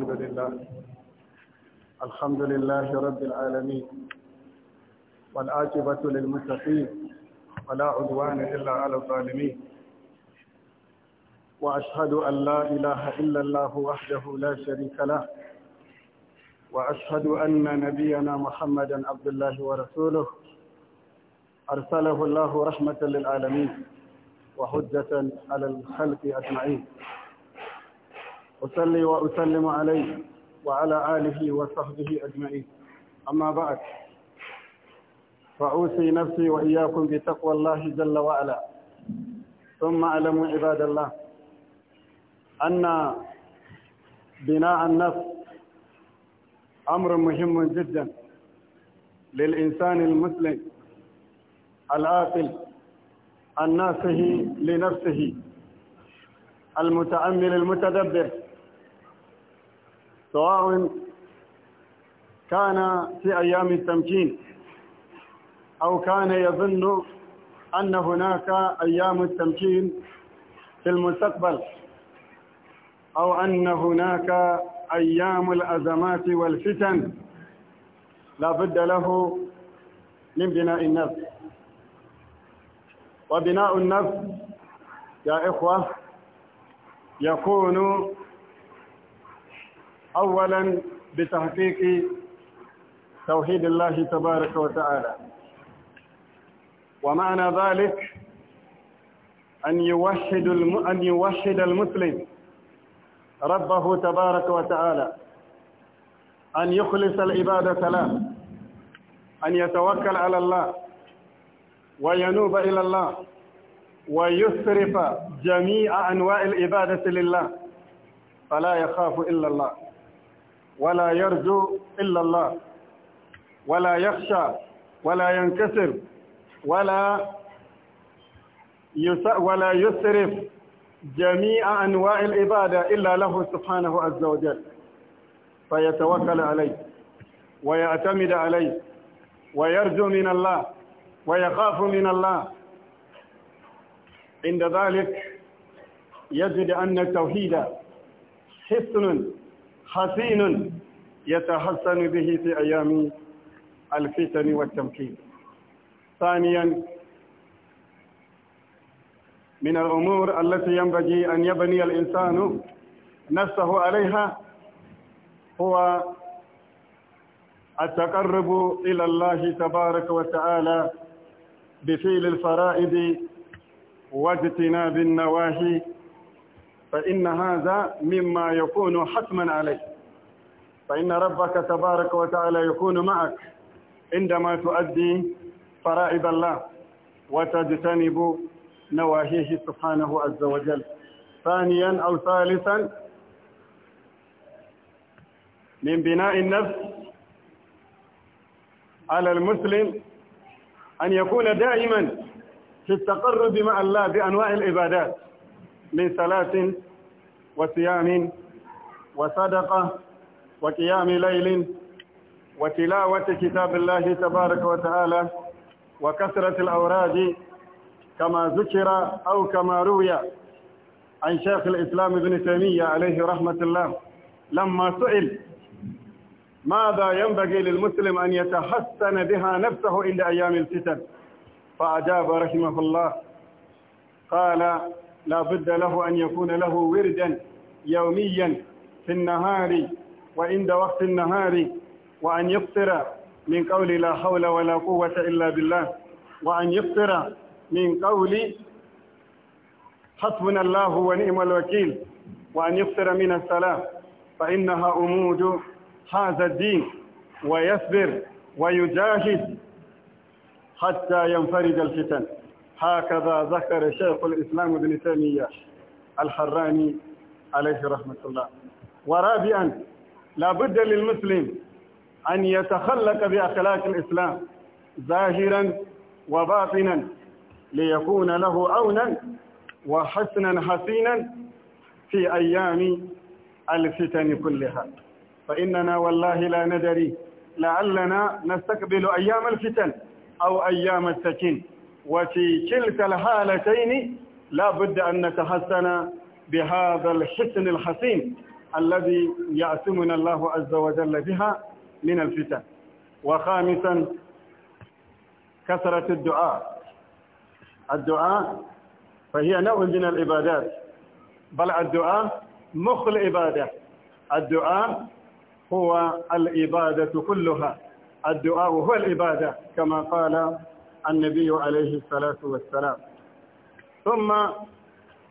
الحمد لله الحمد لله رب العالمين والآجبة للمتقين ولا عدوان إلا على الظالمين وأشهد أن لا إله إلا الله وحده لا شريك له وأشهد أن نبينا محمدا عبد الله ورسوله أرسله الله رحمة للعالمين وحجة على الخلق أجمعين أصلي وأسلم عليه وعلى آله وصحبه أجمعين أما بعد فأوصي نفسي وإياكم بتقوى الله جل وعلا ثم أعلموا عباد الله أن بناء النفس أمر مهم جدا للإنسان المسلم العاقل الناصح لنفسه المتأمل المتدبر سواء كان في أيام التمكين أو كان يظن أن هناك أيام التمكين في المستقبل أو أن هناك أيام الأزمات والفتن لا بد له من بناء النفس وبناء النفس يا إخوة يكون أولا بتحقيق توحيد الله تبارك وتعالى ومعنى ذلك أن يوحد الم... أن يوحد المسلم ربه تبارك وتعالى أن يخلص العبادة له أن يتوكل على الله وينوب إلى الله ويسرف جميع أنواع العبادة لله فلا يخاف إلا الله ولا يرجو إلا الله ولا يخشى ولا ينكسر ولا ولا يسرف جميع أنواع العبادة إلا له سبحانه عز وجل فيتوكل عليه ويعتمد عليه ويرجو من الله ويخاف من الله عند ذلك يجد أن التوحيد حسن حسين يتحسن به في أيام الفتن والتمكين ثانيا من الأمور التي ينبغي أن يبني الإنسان نفسه عليها هو التقرب إلى الله تبارك وتعالى بفعل الفرائض واجتناب النواهي فإن هذا مما يكون حتما عليك فإن ربك تبارك وتعالى يكون معك عندما تؤدي فرائض الله وتجتنب نواهيه سبحانه عز وجل ثانيا أو ثالثا من بناء النفس على المسلم أن يكون دائما في التقرب مع الله بأنواع العبادات من صلاة وصيام وصدقة وقيام ليل وتلاوة كتاب الله تبارك وتعالى وكثرة الأوراد كما ذكر أو كما روي عن شيخ الإسلام ابن تيمية عليه رحمة الله لما سئل ماذا ينبغي للمسلم أن يتحسن بها نفسه عند أيام الفتن فأجاب رحمه الله قال لا بد له أن يكون له وردا يوميا في النهار وعند وقت النهار وأن يفطر من قول لا حول ولا قوة إلا بالله وأن يفطر من قول حسبنا الله ونعم الوكيل وأن يفطر من الصلاة فإنها أمود هذا الدين ويصبر ويجاهد حتى ينفرد الفتن هكذا ذكر شيخ الإسلام ابن تيمية الحراني عليه رحمة الله ورابعا لا بد للمسلم أن يتخلق بأخلاق الإسلام ظاهرا وباطنا ليكون له عونا وحسنا حسينا في أيام الفتن كلها فإننا والله لا ندري لعلنا نستقبل أيام الفتن أو أيام السكين وفي كلتا الحالتين لا بد أن نتحسن بهذا الحسن الحسين الذي يعتمنا الله عز وجل بها من الفتن وخامسا كثرة الدعاء الدعاء فهي نوع من العبادات بل الدعاء مخ العبادة الدعاء هو العبادة كلها الدعاء هو العبادة كما قال النبي عليه الصلاة والسلام ثم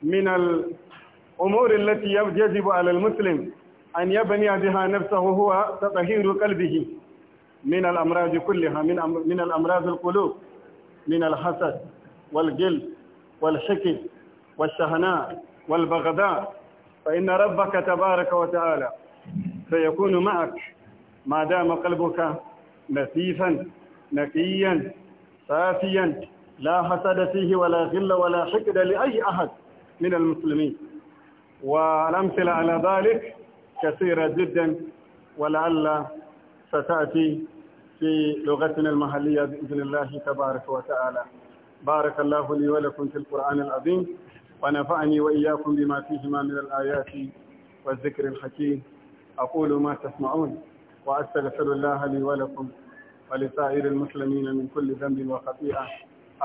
من الأمور التي يجب على المسلم أن يبني بها نفسه هو تطهير قلبه من الأمراض كلها من من الأمراض القلوب من الحسد والجلد والحقد والشهناء والبغضاء فإن ربك تبارك وتعالى سيكون معك ما دام قلبك نفيسا نقيا صافيا لا حسد فيه ولا غل ولا حقد لأي أحد من المسلمين والأمثلة على ذلك كثيرة جدا ولعل ستأتي في لغتنا المحلية بإذن الله تبارك وتعالى بارك الله لي ولكم في القرآن العظيم ونفعني وإياكم بما فيهما من الآيات والذكر الحكيم أقول ما تسمعون وأستغفر الله لي ولكم ولسائر المسلمين من كل ذنب وخطيئة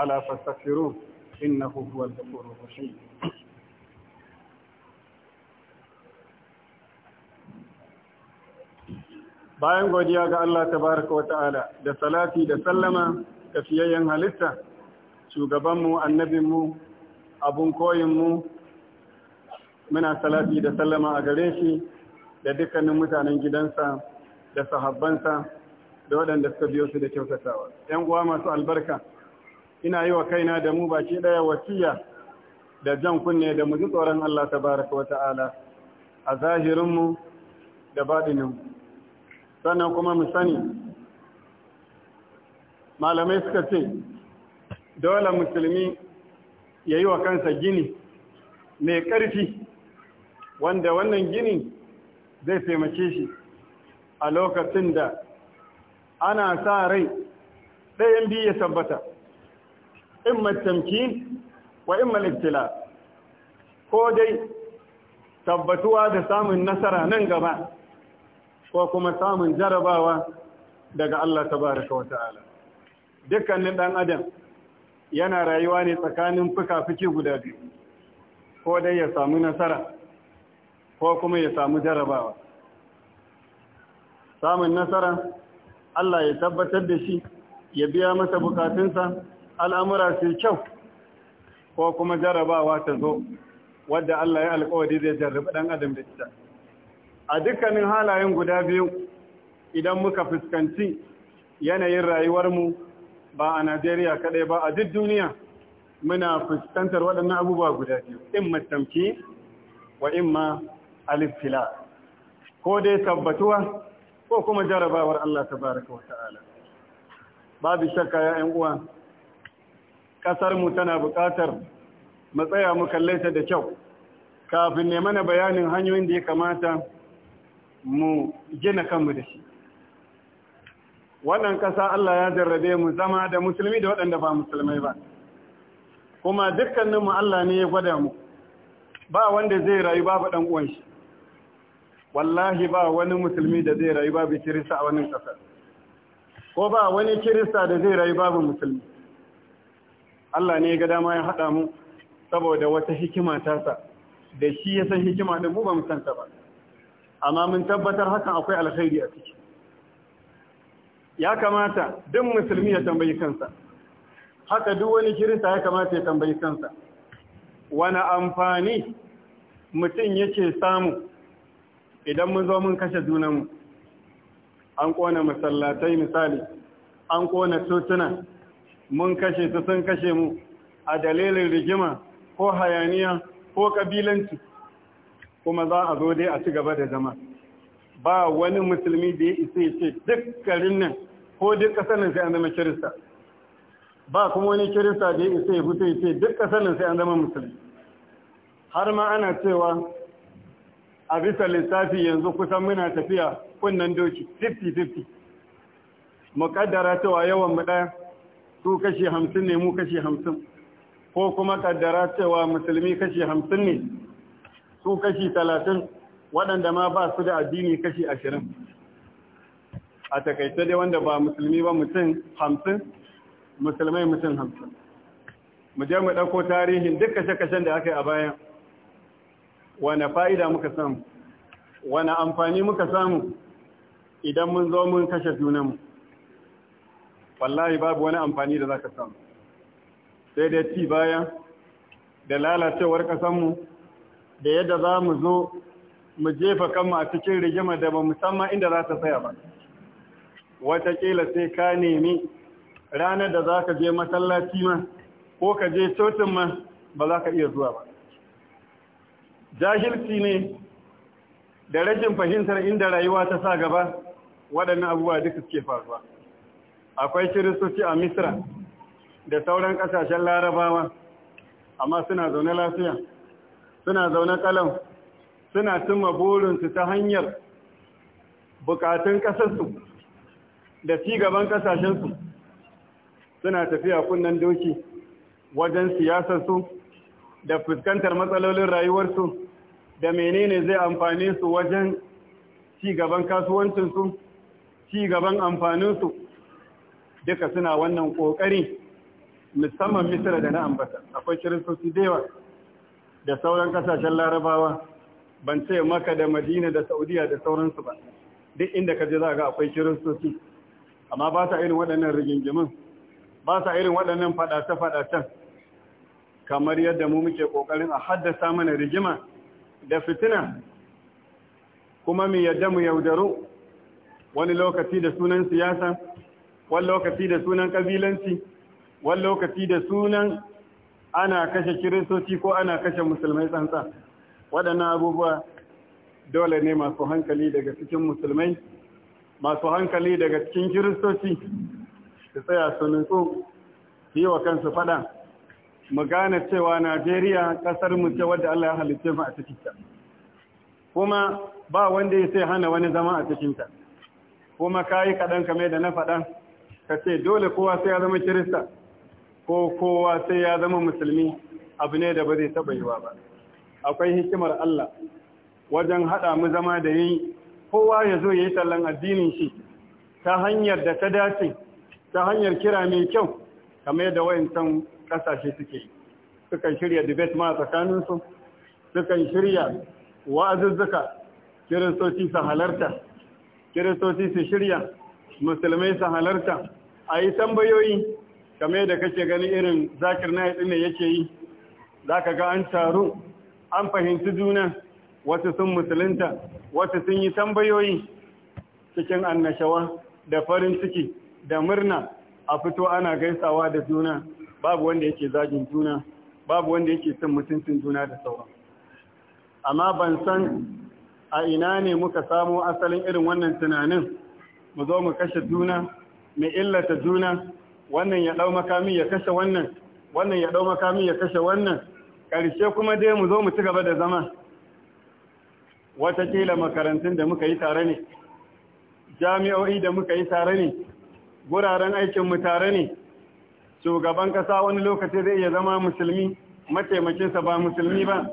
ألا فاستغفروه إنه هو الغفور الرحيم bayan godiya ga Allah Ta wa ta'ala da salati da sallama ga fiyayyen halitta shugabanmu annabinmu abun koyinmu muna salati da sallama a gare shi da dukkanin mutanen gidansa da sahabbansa da waɗanda suka biyo su da kyautatawa ‘yan uwa masu albarka ina yi wa kaina da mu baki ɗaya wasiya da jan kunne da mu ji tsoron Allah ta baraka wa ta'ala a zahirinmu da baɗininmu sannan kuma mu sani malamai suka ce dole musulmi ya yi wa kansa gini mai ƙarfi wanda wannan gini zai taimake shi a lokacin da ana sa rai ɗayan biyu ya tabbata in matamkin wa in maliktila ko dai tabbatuwa da samun nasara nan gaba ko kuma samun jarabawa daga Allah tabaraka wata'ala dukkanin ɗan adam yana rayuwa ne tsakanin fuka-fuki guda biyu ko dai ya samu nasara ko kuma ya samu jarabawa samun nasara Allah ya tabbatar da shi ya biya masa bukatunsa al'amura su kyau ko kuma jarabawa ta zo wadda Allah ya alkawari zai jarraba ɗan adam da ita a dukkanin halayen guda biyu idan muka fuskanci yanayin rayuwarmu ba a Najeriya kaɗai ba a duk duniya muna fuskantar waɗannan abubuwa guda biyu in matamki wa in ma alifila ko dai tabbatuwa ko kuma jarabawar Allah ta baraka wa ta'ala babu shakka ya uwa Ƙasarmu mu tana buƙatar matsaya mu kallaita ta da kyau kafin ne mana bayanin hanyoyin da ya kamata mu gina kanmu da shi wannan ƙasa Allah ya jarrabe mu zama da musulmi da waɗanda ba musulmai ba kuma dukkaninmu Allah ne ya gwada mu ba wanda zai rayu babu ɗan uwan shi wallahi ba wani musulmi da zai rayu babu kirista a wannan ƙasar ko ba wani kirista da zai rayu babu musulmi Allah ne ga dama ya haɗa mu saboda wata hikima tasa da shi ya san hikima ɗin mu ba musanta ba amma mun tabbatar hakan akwai alkhairi a ciki ya kamata duk musulmi ya tambayi kansa haka duk wani kirista ya kamata ya tambayi kansa wani amfani mutum yake samu idan mun zo mun kashe junanmu an kona masallatai misali an kona tutuna mun kashe su sun kashe mu a dalilin rigima ko hayaniya ko kabilanci kuma za a zo dai a ci gaba da zama ba wani musulmi da ya isa ya ce duk garin nan ko duk ƙasar nan sai an zama kirista ba kuma wani kirista da ya isa ya fito ya ce duk ƙasar nan sai an zama musulmi har ma ana cewa a bisa lissafi yanzu kusan muna tafiya kunnan doki 50-50 muƙaddara cewa yawan mu ɗaya su kashi hamsin ne mu kashi hamsin ko kuma ƙaddara cewa musulmi kashi hamsin ne su kashi talatin waɗanda ma ba su da addini kashi ashirin a takaice dai wanda ba musulmi ba mutum hamsin musulmai mutum hamsin mu je mu ɗauko tarihin duk kashe-kashen da aka yi a bayan wane fa'ida muka samu wane amfani muka samu idan mun zo mun kashe junanmu wallahi babu wani amfani da za ka samu sai dai ci bayan, da lalacewar kasanmu da yadda za mu zo mu jefa kanmu a cikin rigima da ba musamman inda za ta tsaya ba wataƙila sai ka nemi ranar da za ka je masallaci ma ko ka je cocin ma ba za ka iya zuwa ba jahilci ne da rashin fahimtar inda rayuwa ta sa gaba waɗannan abubuwa duka suke faruwa akwai kiristoci a misra da sauran ƙasashen larabawa amma suna zaune lafiya suna zaune ƙalam suna cimma burinsu ta hanyar bukatun ƙasarsu da gaban ƙasashensu suna tafiya kunnen doki wajen siyasarsu da fuskantar matsalolin rayuwarsu da menene zai amfani su wajen ci gaban kasuwancinsu ci gaban amfaninsu duka suna wannan ƙoƙari musamman misira da na ambata akwai kiristoci dewa da sauran kasashen larabawa ban ce maka da madina da saudiya da sauransu ba duk inda ka je za ga akwai kiristoci amma ba sa irin waɗannan rigingimin ba sa irin waɗannan faɗace-faɗacen kamar yadda mu muke ƙoƙarin a haddasa mana rigima da fitina kuma mu yadda mu yaudaru wani lokaci da sunan siyasa wani lokaci da sunan kabilanci wani lokaci da sunan ana kashe kiristoci ko ana kashe musulmai tsantsa waɗannan abubuwa dole ne masu hankali daga cikin musulmai masu hankali daga cikin kiristoci su tsaya su nutsu yi wa kansu fada mu gane cewa Najeriya kasar mu ce wadda Allah ya halitta mu a cikin ta kuma ba wanda ya sai hana wani zama a cikin ta kuma kai kadan kamar da na faɗa ka ce dole kowa sai ya zama kirista ko kowa sai ya zama musulmi abu ne da ba zai taba yiwa ba akwai hikimar Allah wajen haɗa mu zama da yi kowa ya zo ya yi tallan addinin shi ta hanyar da ta dace ta hanyar kira mai kyau kamar da wayancan kasashe suke yi sukan shirya debate ma tsakanin su sukan shirya wa'azuzzuka kiristoci su halarta kiristoci su shirya musulmai su halarta a yi tambayoyi kamar da kake gani irin zakir na ne yake yi za ka ga an taru an fahimci juna wasu sun musulunta wasu sun yi tambayoyi cikin annashawa da farin ciki da murna a fito ana gaisawa da juna babu wanda yake zagin juna babu wanda yake son mutuncin juna da sauran amma ban san a ina ne muka samo asalin irin wannan tunanin mu zo mu kashe juna mu illata juna wannan ya dau makami ya kashe wannan wannan ya dau makami ya kashe wannan karshe kuma dai mu zo mu ci gaba da zama watakila makarantun da muka yi tare ne jami'o'i da muka yi tare ne guraren aikinmu tare ne shugaban kasa wani lokaci zai iya zama musulmi mataimakinsa ba musulmi ba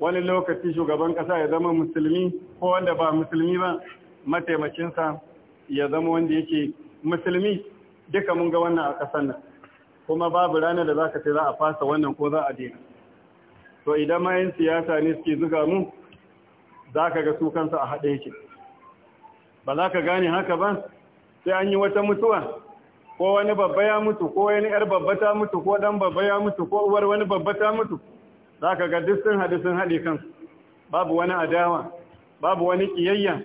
wani lokaci shugaban kasa ya zama musulmi ko wanda ba musulmi ba mataimakinsa ya zama wanda yake musulmi duka mun ga wannan a ƙasar nan kuma babu ranar da zaka ce za a fasa wannan ko za a daina to idan ma yin siyasa ne suke zuga mu zaka ga su kansa a haɗe yake ba za ka gane haka ba sai an yi wata mutuwa ko wani babba ya mutu ko wani yar babba ta mutu ko dan babba ya mutu ko uwar wani babba ta mutu zaka ga duk sun hadu sun hade kansu babu wani adawa babu wani kiyayya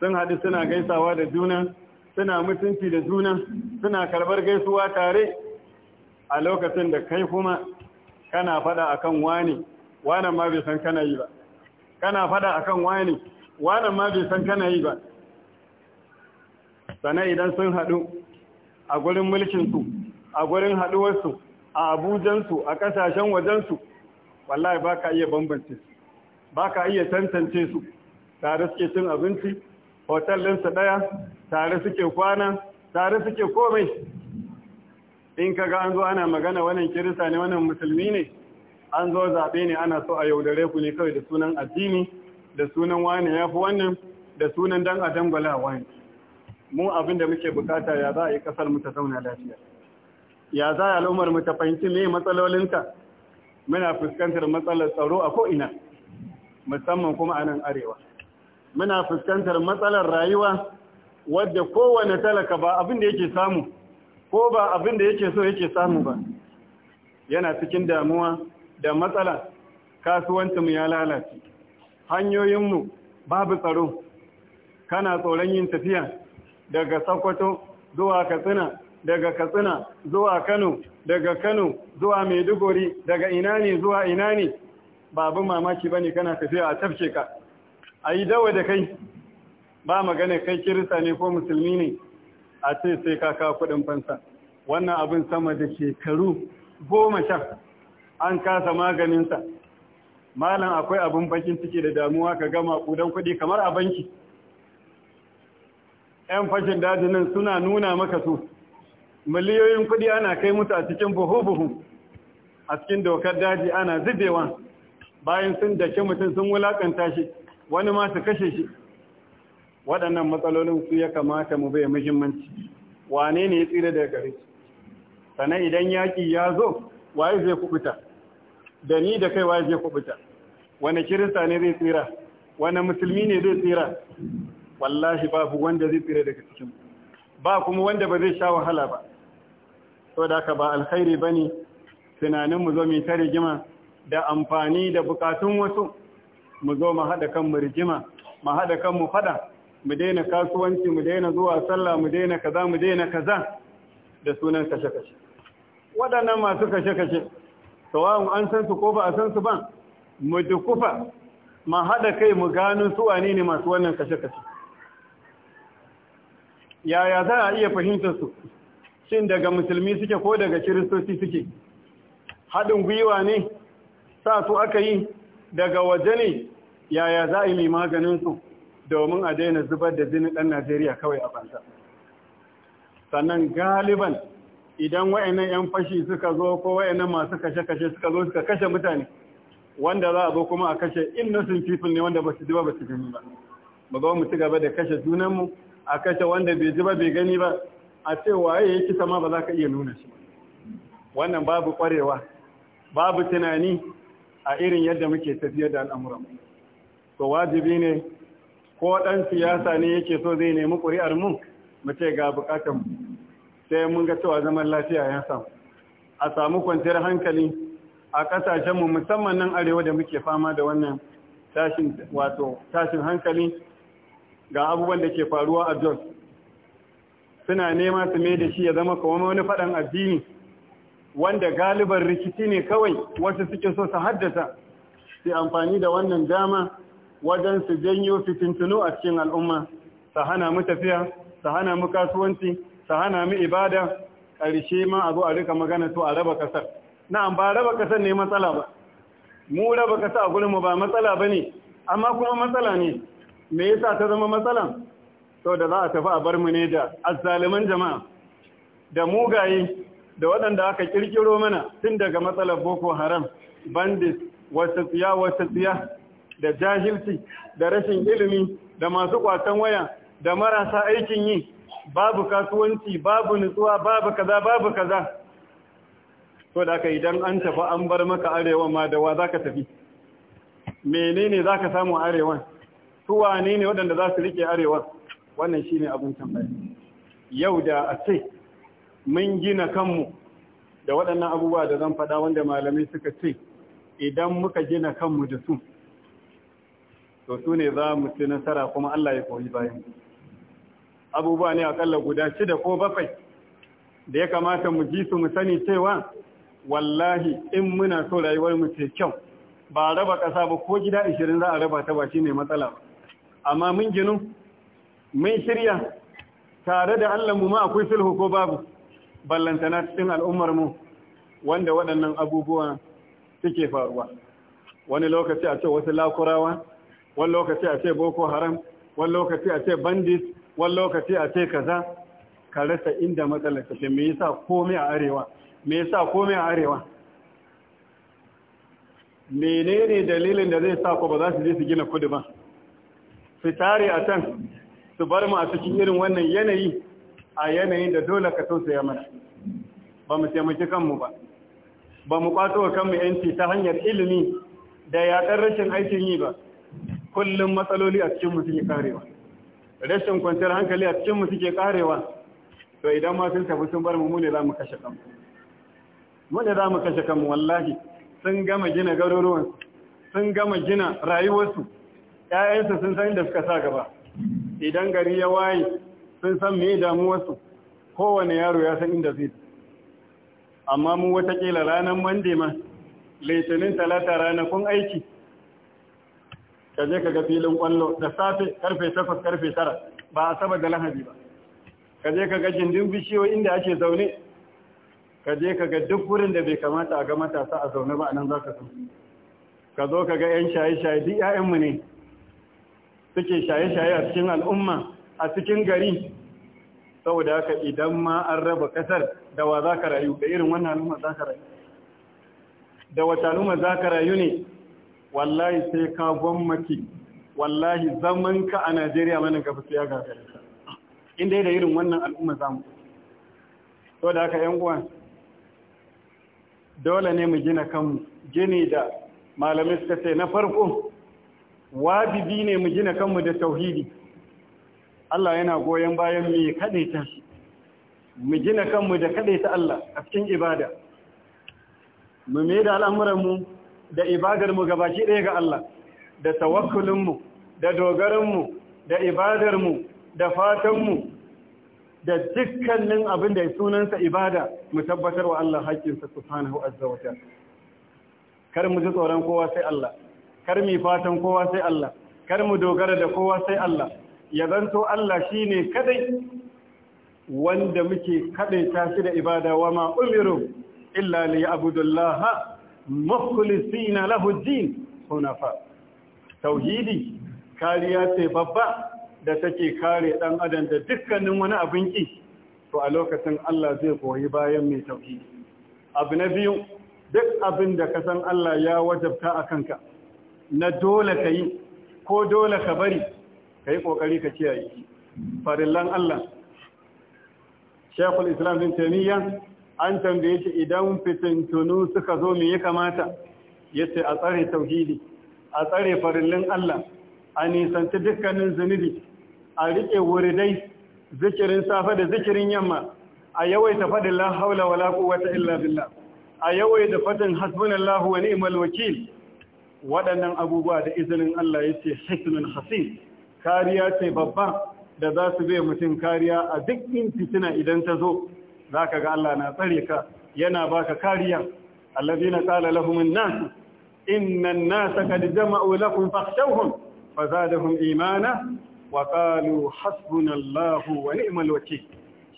sun hadu suna gaisawa da juna suna mutunci da juna suna karbar gaisuwa tare a lokacin da kai kuma kana fada akan wani wani ma bai san kana yi ba kana fada akan wani wani ma bai san kana yi ba sana idan sun hadu a gurin mulkinsu a gurin haɗuwarsu a abujansu a ƙasashen wajensu wallahi ba ka iya bambance su ba ka iya tantance su tare suke cin abinci hotel ɗinsu ɗaya tare suke kwana tare suke komai in ka ga an zo ana magana wannan kirista ne wannan musulmi ne an zo zaɓe ne ana so a yaudare ku ne kawai da sunan addini da sunan wani ya fi wannan da sunan dan a bala wani mu abin da muke bukata ya za a yi kasar mu ta zauna lafiya ya za a al'ummar mu ta fahimci me matsalolinta muna fuskantar matsalar tsaro a ko'ina musamman kuma a nan arewa muna fuskantar matsalar rayuwa wadda kowane talaka ba abin da yake samu ko ba abin da yake so yake samu ba yana cikin damuwa da matsala kasuwancinmu ya lalace hanyoyinmu babu tsaro kana tsoron yin tafiya daga Sokoto zuwa Katsina daga Katsina zuwa Kano daga Kano zuwa Maiduguri daga ina ne zuwa ina ne babu mamaki ne kana tafiya a tafke ka ayi dawa da kai ba magana kai kirista ne ko musulmi ne a ce sai ka kawo kuɗin fansa wannan abin sama da shekaru goma sha an kasa maganinsa malam akwai abin bakin ciki da damuwa ka gama kudan kuɗi kamar a banki 'yan fashin dajinin suna nuna maka su miliyoyin kudi ana kai mutu a cikin buhu-buhu a cikin dokar daji ana zubewa bayan sun dake mutum sun wulakanta shi wani ma su kashe shi waɗannan matsalolin su ya kamata mu bai muhimmanci wane ne ya tsira daga gare sannan idan yaƙi ya zo waye zai kubuta da ni da kai waye zai kubuta wani kirista ne zai tsira wani musulmi ne zai tsira wallahi babu wanda zai tsira daga cikin ba kuma wanda ba zai sha wahala ba saboda ka ba alkhairi bane tunanin mu zo mu ta rigima da amfani da bukatun wasu mu zo mu hada kan mu rigima mu hada kan mu fada mu daina kasuwanci mu daina zuwa sallah mu daina kaza mu daina kaza da sunan kashe-kashe waɗannan masu kashe-kashe sawa'un an san su ko ba a san su ba mu dukufa ma haɗa kai mu gano su wane ne masu wannan kashe-kashe yaya za a iya fahimtar su shin daga musulmi suke ko daga kiristoci suke haɗin gwiwa ne sa su aka yi daga waje ne yaya za a yi mai maganin su domin a daina zubar da zinin ɗan najeriya kawai a banza sannan galiban idan wa'annan 'yan fashi suka zo ko wa'annan masu kashe-kashe suka zo suka kashe mutane wanda za a zo kuma a kashe innocent people ne wanda ba su ji ba ba su gani ba mu mu ci gaba da kashe junanmu a kashe wanda bai ji ba bai gani ba a ce waye ya kisa ma ba za ka iya nuna shi wannan babu kwarewa babu tunani a irin yadda muke tafiyar da al'amuran to wajibi ne ko dan siyasa ne yake so zai nemi kuri'ar mu mu ce ga bukatun sai mun ga cewa zaman lafiya ya samu a samu kwanciyar hankali a ƙasashenmu musamman nan arewa da muke fama da wannan tashin wato tashin hankali ga abubuwan da ke faruwa a Jos suna nema su mai da shi ya zama kawai wani faɗan addini wanda galibar rikici ne kawai wasu suke so su haddasa su amfani da wannan dama wajen su janyo fitintunu a cikin al'umma su hana mu tafiya su hana mu kasuwanci su hana mu ibada ƙarshe ma a zo a rika magana to a raba ƙasar na'am ba raba ƙasar ne matsala ba mu raba ƙasa a gurinmu ba matsala ba ne amma kuma matsala ne me yasa ta zama matsala to da za a tafi a bar mu ne da azzaliman jama'a da mugaye da waɗanda aka kirkiro mana tun daga matsalar boko haram bandit wasu tsiya wasu tsiya da jahilci da rashin ilimi da masu kwatan waya da marasa aikin yi babu kasuwanci babu nutsuwa babu kaza babu kaza to da aka idan an tafi an bar maka arewa ma da wa zaka tafi menene zaka samu arewa? su wane ne waɗanda za su rike arewa wannan shi ne abin tambaya yau da a ce mun gina kanmu da waɗannan abubuwa da zan faɗa wanda malamai suka ce idan muka gina kanmu da su to su ne za mu ci nasara kuma Allah ya koyi bayan abubuwa ne akalla guda shida ko bakwai da ya kamata mu ji su mu sani cewa wallahi in muna so rayuwar mu ce kyau ba raba ƙasa ba ko gida ishirin za a raba ta ba shi ne matsala ba amma mun ginu mun shirya tare da Allahnmu ma akwai sulhu ko babu ballantana cikin al'ummar mu wanda waɗannan abubuwa suke faruwa wani lokaci a ce wasu lakurawa wani lokaci a ce boko haram wani lokaci a ce bandit wani lokaci a ce kaza ka rasa inda matsalar ce me yasa komai a arewa me yasa komai a arewa menene dalilin da zai sa ku ba za su je su gina kudu ba su tare a can su bar mu a cikin irin wannan yanayi a yanayin da dole ka tausaya mana ba mu taimaki kanmu ba ba mu kwato wa kanmu yanci ta hanyar ilimi da yaƙar rashin aikin yi ba kullum matsaloli a cikinmu suke karewa rashin kwanciyar hankali a cikinmu suke karewa to idan ma sun tafi sun bar mu ne za mu kashe kanmu mu ne za mu kashe kanmu wallahi sun gama gina garuruwan sun gama gina rayuwarsu yayansa sun san inda suka sa gaba idan gari ya waye sun san mai damuwarsu kowane yaro ya san inda zai amma mu watakila ranar mande ma laitinin talata ranakun aiki ka je ka ga filin kwallo da safe karfe 8 karfe 9 ba a saba da lahabi ba ka je ka ga jindin bishiyoyi inda ake zaune ka je ka ga duk wurin da bai kamata a ga matasa a zaune ba a nan za ka ka zo ka ga 'yan shaye-shaye duk 'ya'yanmu ne suke shaye-shaye a cikin al'umma a cikin gari saboda haka idan ma an raba kasar da wa za ka rayu da irin wannan al'umma za ka rayu da wata al'umma za ka rayu ne wallahi sai ka gwammaci wallahi zaman ka a najeriya mana gafi su ya gagare ka inda da irin wannan al'umma za mu saboda haka yan uwan dole ne mu gina kanmu gini da malamai suka ce na farko wajibi ne mu gina kanmu da tauhidi Allah yana goyon bayan mu kadaita shi mu gina kanmu da ta Allah a cikin ibada mu mai da al'amuran mu da ibadar mu gabaki ɗaya ga Allah da tawakkulin mu da dogaran mu da ibadar mu da fatan mu da dukkanin abin da sunansa ibada mu tabbatar wa Allah haƙƙinsa subhanahu azza wa kar mu ji tsoron kowa sai Allah kar mu fatan kowa sai Allah kar mu dogara da kowa sai Allah ya zanto Allah shine kadai wanda muke kadai tashi da ibada wa ma umiru illa li abudullah mukhlisina lahu din hunafa tauhidi kariya ce babba da take kare dan adam da dukkanin wani abin ki to a lokacin Allah zai koyi bayan mai tauhidi abu na biyu duk abin da ka san Allah ya wajabta a kanka na dole ka yi ko dole ka bari ka yi ƙoƙari ka kiyaye farillan Allah shekul islam bin taimiyya an tambaye shi idan fitintunu suka zo me ya kamata ya ce a tsare tauhidi a tsare farillan Allah a nisanci dukkanin zunubi a riƙe wuridai zikirin safe da zikirin yamma a yawaita faɗin la haula wala quwwata illa billah a yawaita faɗin hasbunallahu wa ni'mal wakil waɗannan abubuwa da izinin Allah ya ce hisnun hasin kariya ce babba da za su bai mutum kariya a duk in fitina idan ta zo za ka ga Allah na tsare ka yana baka kariya allazi na ƙala lahumin nasu innan nasa kad jama'u lakum fakhshawhum fa zadahum imana wa qalu hasbunallahu wa ni'mal shi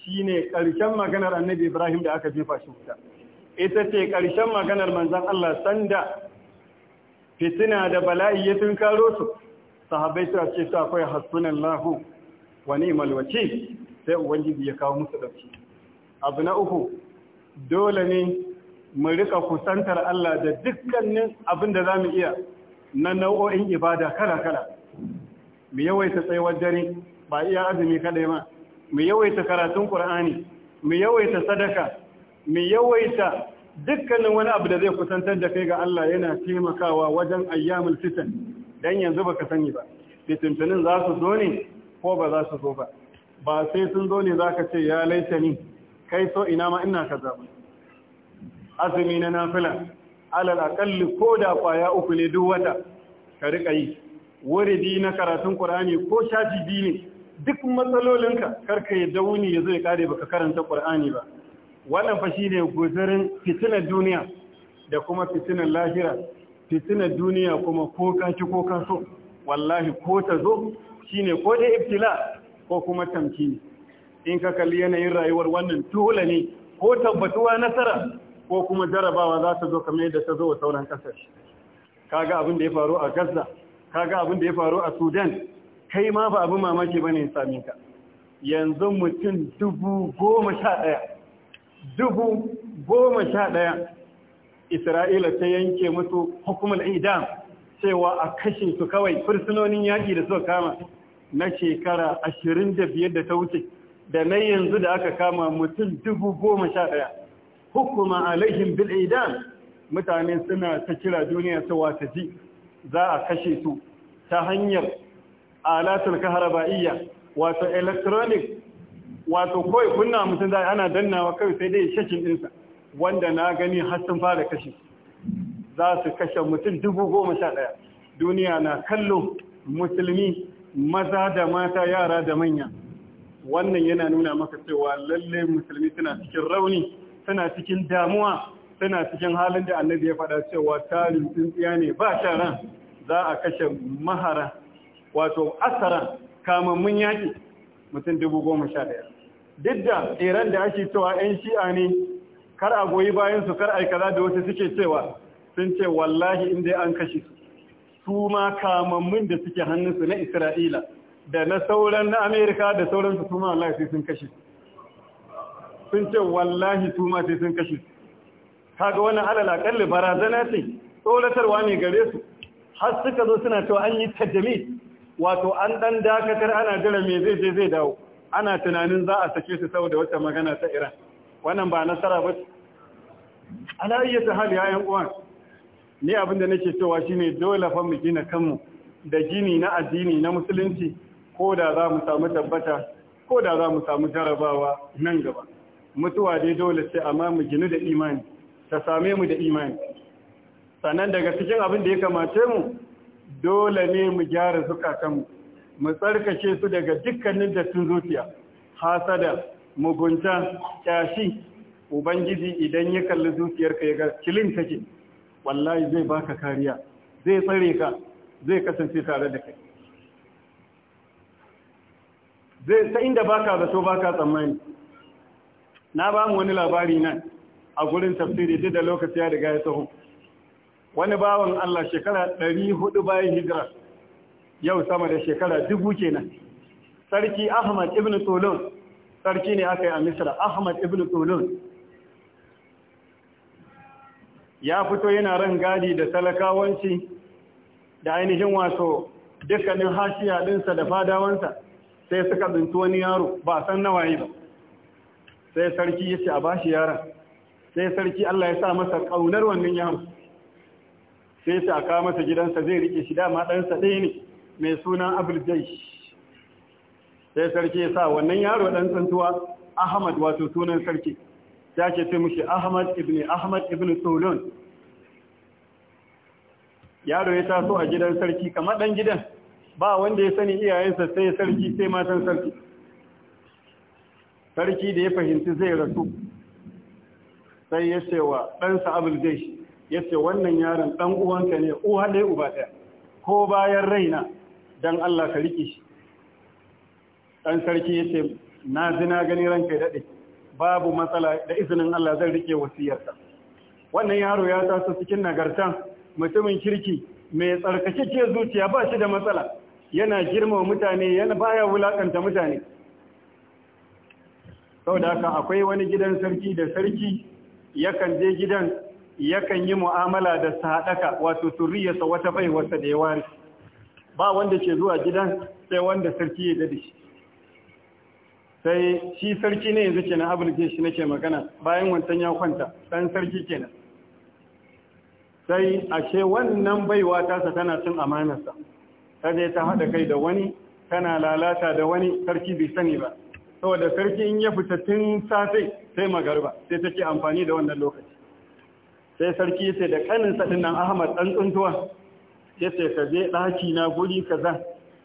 shine karshen maganar annabi Ibrahim da aka jefa shi wuta ita ce karshen maganar manzon Allah sanda fitina da bala'i ya karo su sahabbai suka ce su akwai hasunan lahu wani malwaci sai ubangiji ya kawo musu dauki abu na uku dole ne mu rika kusantar Allah da dukkanin abin da za mu iya na nau'o'in ibada kala kala mu yawaita tsayuwar dare ba iya azumi kaɗai ma mu yawaita karatun ƙur'ani, mu yawaita sadaka mu yawaita dukkanin wani abu da zai kusantar da kai ga Allah yana taimakawa wajen ayyamul fitan dan yanzu baka sani ba fitintunin za su zo ne ko ba za su zo ba ba sai sun zo ne zaka ce ya laita ni kai so ina ma ina kaza ba azumi na nafila alal aqalli ko da kwaya uku ne duk wata ka rika yi wuridi na karatun Qur'ani ko shafi biyu duk matsalolinka karka ya dauni ya zai kare baka karanta Qur'ani ba wannan fa ne gozarin fitinar duniya da kuma fitinar lahira fitinar duniya kuma ko ka ci ko ka so wallahi ko ta zo shine ko dai ibtila ko kuma tamkini in ka kalli yanayin rayuwar wannan tuhula ne ko tabbatuwa nasara ko kuma jarabawa za ta zo kamar yadda ta zo a sauran kasar kaga abin da ya faru a Gaza kaga abin da ya faru a Sudan kai ma ba abin mamaki bane ya same ka yanzu mutum dubu goma sha ɗaya dubu goma sha ɗaya isra'ila ta yanke mutu hukumar idam cewa a kashe su kawai fursunonin yaƙi da suka kama na shekara ashirin da biyar da ta wuce da na yanzu da aka kama mutum dubu goma sha ɗaya hukuma alaihim bil idam mutane suna ta kira duniya ta wata ji za a kashe su ta hanyar alatul kaharaba'iyya wato electronic wato kawai kunna mutum da ana dannawa kawai sai dai shakin ɗinsa wanda na gani har sun fara kashe za su kashe mutum dubu goma sha ɗaya duniya na kallo musulmi maza da mata yara da manya wannan yana nuna maka cewa lallai musulmi suna cikin rauni suna cikin damuwa suna cikin halin da annabi ya faɗa cewa tarin tsintsiya ne ba shara za a kashe mahara wato asara kamammun yaƙi mutum dubu goma sha ɗaya duk da tseren da ake cewa 'yan shi'a ne kar a goyi bayan su kar aikata da wasu suke cewa sun ce wallahi inda an kashe su su ma kamammin da suke hannunsu na isra'ila da na sauran na amerika da sauran su ma wallahi sai sun kashe su sun ce wallahi su ma sai sun kashe su kaga wani alal akalli barazana ce tsoratarwa ne gare su har suka zo suna cewa an yi tajami wato an dan dakatar ana jira me zai je zai dawo ana tunanin za a sake su saboda wata magana ta Iran wannan ba nasara ba ala ayyata hali ya yan uwan ni abinda nake cewa shine dole fa mu gina kanmu da gini na addini na musulunci ko da za mu samu tabbata ko da za mu samu jarabawa nan gaba mutuwa dai dole sai amma mu gina da imani ta same mu da imani sannan daga cikin abin da ya kamace mu dole ne mu gyara zukatanmu mu tsarkake su daga dukkanin dattin zuciya hasada mugunta kyashi ubangiji idan ya kalli zuciyarka ya ga kilin take wallahi zai baka kariya zai tsare ka zai kasance tare da kai zai ta inda baka so baka tsammani na ba mu wani labari nan a gurin tafsiri duk da lokaci ya riga ya taho wani bawan Allah shekara 400 bayan hijira yau sama da shekara dubu kenan sarki ahmad ibn Tolon. sarki ne aka yi a misra ahmad ibn Tolon ya fito yana ran gadi da talakawanci da ainihin wato dukkanin hashiya dinsa da fadawansa sai suka bintu wani yaro ba san nawa yi ba sai sarki ya ce a bashi yaron sai sarki Allah ya sa masa kaunar wannan yaro sai sa ce a masa gidansa zai rike shi dama ɗansa ɗaya ne mai suna abul sai sarki ya sa wannan yaro dan tsantuwa ahmad wato sunan sarki ya ce ce mushi ahmad ibn ahmad ibn sulun yaro ya taso a gidan sarki kamar dan gidan ba wanda ya sani iyayensa sai sarki sai matan sarki sarki da ya fahimci zai rasu sai ya ce wa ɗansa abul jaish ya ce wannan yaron ɗan uwanka ne uwa ɗaya uba ɗaya ko bayan raina don Allah ka riƙe shi ɗan sarki ya ce na ji gani ranka ya daɗe babu matsala da izinin Allah zan riƙe wasiyarsa wannan yaro ya taso cikin nagarta mutumin kirki mai tsarkakeke zuciya ba shi da matsala yana girmama mutane yana baya wulakanta mutane saboda haka akwai wani gidan sarki da sarki yakan je gidan yakan yi mu'amala da sadaka wato surriyarsa wata baiwarsa da ya wari ba wanda ke zuwa gidan sai wanda sarki ya dade shi sai shi sarki ne yanzu kenan abulge shi nake magana bayan wancan ya kwanta dan sarki kenan sai ashe wannan baiwa sa tana cin amanarsa ta je ta hada kai da wani tana lalata da wani sarki bai sani ba saboda sarki in ya fita tun safe sai magarba sai take amfani da wannan lokaci sai sarki sai da ƙaninsa dinnan Ahmad dan tsuntuwa ya ce ka je ɗaki na guri kaza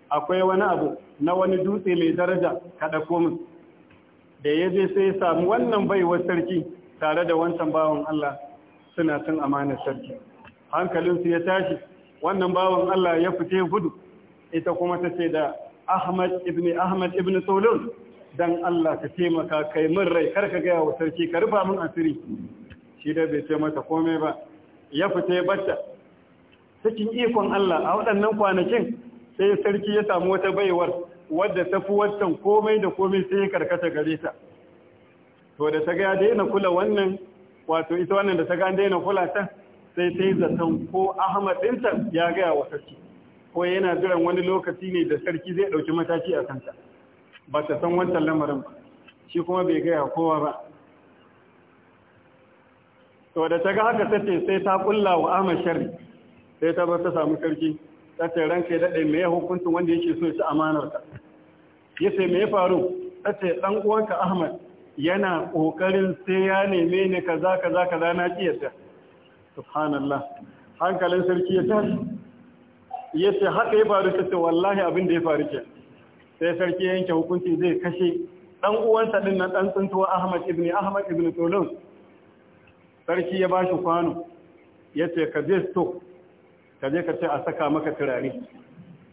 akwai wani abu na wani dutse mai daraja ka ɗauko min da ya je sai ya samu wannan baiwar sarki tare da wancan bawan Allah suna cin amanar sarki hankalinsu ya tashi wannan bawan Allah ya fice gudu ita kuma ta ce da Ahmad ibn Ahmad ibn Solon dan Allah ka taimaka kai min rai kar ka gaya wa sarki ka rufa min asiri shi da bai ce mata komai ba ya fice bacca cikin ikon Allah a waɗannan kwanakin sai sarki ya samu wata baiwar wadda ta fi wancan komai da komai sai ya karkata gare ta to da ta ga daina kula wannan wato ita wannan da ta ga daina kula ta sai ta yi zaton ko Ahmad ɗinta ya gaya wa sarki ko yana jiran wani lokaci ne da sarki zai ɗauki mataki a kanta ba ta san wancan lamarin ba shi kuma bai gaya kowa ba to da ta ga haka sai ta kulla wa Ahmad sharri sai ta bar ta samu sarki ta ce ranka ya daɗe mai ya hukuncin wanda yake so ya ci ka. ya ce me ya faru ta ce ɗan uwanka ahmad yana ƙoƙarin sai ya neme ka kaza kaza kaza na ƙiyar ta subhanallah hankalin sarki ya tashi ya ce haɗe ya faru ta ce wallahi abin da ya faru ke sai sarki ya yanke hukunci zai kashe ɗan uwansa ɗin na ɗan tsintuwa ahmad ibn ahmad ibn tolon sarki ya ba shi kwano ya ce ka je stoke ka je ka ce a saka maka turare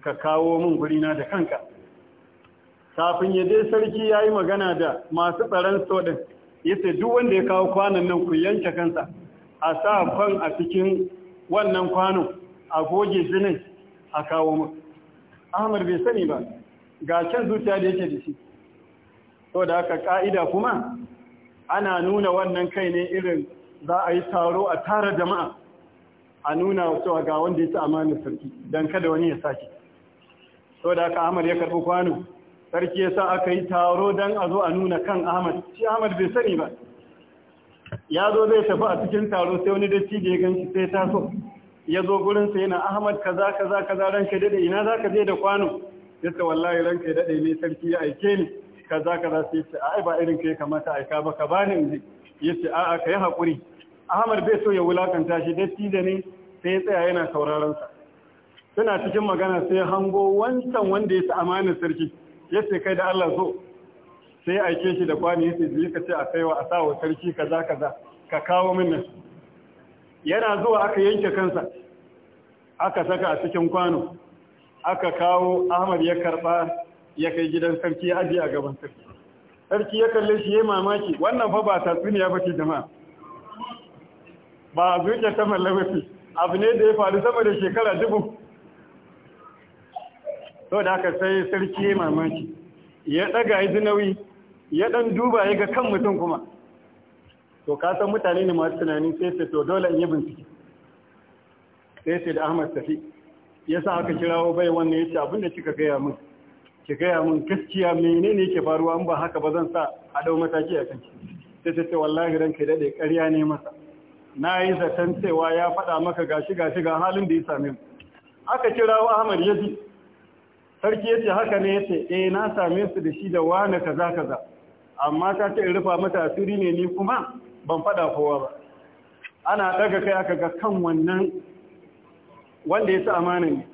ka kawo min gurina da kanka kafin ya dai sarki ya yi magana da masu tsaron sodin ya ce duk wanda ya kawo kwanan nan ku yanke kansa a sa kwan a cikin wannan kwano a goge jinin a kawo mu ahmad bai sani ba ga can zuciya da yake da shi to da aka ka'ida kuma ana nuna wannan kai ne irin za a yi taro a tara jama'a a nuna cewa ga wanda ya ci amanar sarki don kada wani ya sake So da aka ahmad ya karɓi kwano sarki ya sa aka yi taro don a zo a nuna kan ahmad shi ahmad bai sani ba ya zo zai tafi a cikin taro sai wani datti da ya ganci sai taso ya zo gurinsa yana ahmad kaza kaza kaza ranka dade ina za ka je da kwano ya ce wallahi ranka ya dade ne sarki ya aike ni kaza kaza sai ce ai ba irin kai kamata aika ba ka bani in ya ce a'a ka yi haƙuri ahmad bai so ya wulakanta shi datti da ne sai ya tsaya yana sauraron sa suna cikin magana sai hango wancan wanda ya ci amanar sarki ya ce kai da Allah zo sai ya aike shi da kwani ya ce ka ce a kaiwa a sawo sarki kaza kaza ka kawo min nan yana zuwa aka yanke kansa aka saka a cikin kwano aka kawo Ahmad ya karba ya kai gidan sarki ya ajiye a gaban sarki sarki ya kalle shi yayin mamaki wannan fa ba tatsuniya ba ce jama'a ba a zuke ta mallafi abu ne da ya faru sama da shekara dubu sau da aka sai sarki mamaki ya daga ya ɗaga nauyi ya dan duba ya ga kan mutum kuma to ka san mutane ne masu tunani sai sai to dole in yi bincike sai sai da ahmad tafi ya sa aka kirawo bai wannan ya ce abinda kika gaya min ki gaya min gaskiya menene yake faruwa in ba haka ba zan sa a dau mataki a kanki sai ta wallahi ranka dade ƙarya ne masa na yi zaton cewa ya faɗa maka ga gashi ga halin da ya same mu aka kirawo Ahmad yaji sarki ya ce haka ne yace eh na same su da shi da wani kaza kaza amma ta ce in rufa mata asiri ne ni kuma ban faɗa kowa ba ana daga kai aka ga kan wannan wanda ya sa amana ne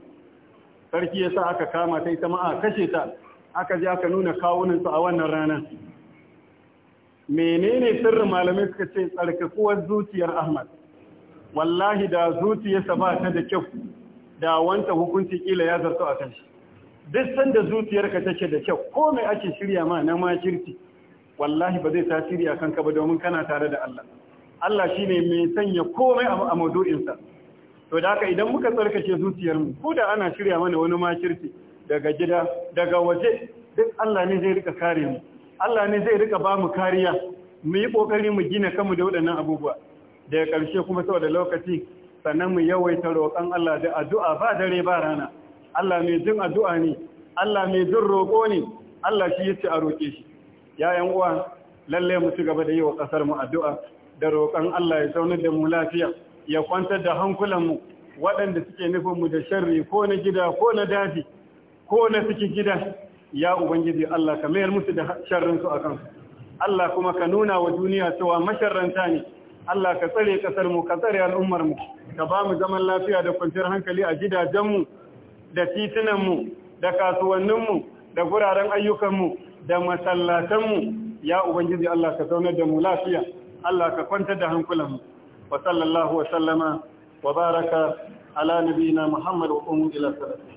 sarki ya sa aka kama ta ita ma kashe ta aka ji aka nuna kawunan a wannan ranar menene sirrin malamai suka ce tsarkakuwar zuciyar Ahmad wallahi da zuciyarsa ba ta da kyau da wanta hukunci kila ya zarto a kan shi duk sanda zuciyarka take da kyau ko mai ake shirya ma na ma kirki, wallahi ba zai tasiri a kanka ba domin kana tare da Allah Allah shine mai sanya komai a sa to da haka idan muka tsarkake mu ko da ana shirya mana wani ma makirci daga gida daga waje duk Allah ne zai rika kare mu Allah ne zai rika ba mu kariya mu yi kokari mu gina kanmu da waɗannan abubuwa daga ƙarshe kuma saboda lokaci sannan mu yawaita roƙon Allah da addu'a ba dare ba rana Allah mai jin addu'a ne Allah mai jin roƙo ne Allah shi yace a roƙe shi yayan uwa lalle mu ci gaba da yi wa ƙasar mu addu'a da roƙon Allah ya zaunar da mu lafiya ya kwantar da hankulan mu waɗanda suke nufin mu da sharri ko na gida ko na daji ko na ciki gida ya ubangiji Allah ka mayar musu da sharrinsu su akan Allah kuma ka nuna wa duniya cewa masharranta ne Allah ka tsare kasar ka tsare al'ummar mu ka ba mu zaman lafiya da kwanciyar hankali a gidajenmu, da titunanmu, da kasuwanninmu, da guraren ayyukanmu, da masallatanmu. ya ubangiji Allah ka zaunar da mu lafiya Allah ka kwantar da hankulanmu. mu wa wa sallama wa baraka ala nabiyina Muhammad wa ummu ila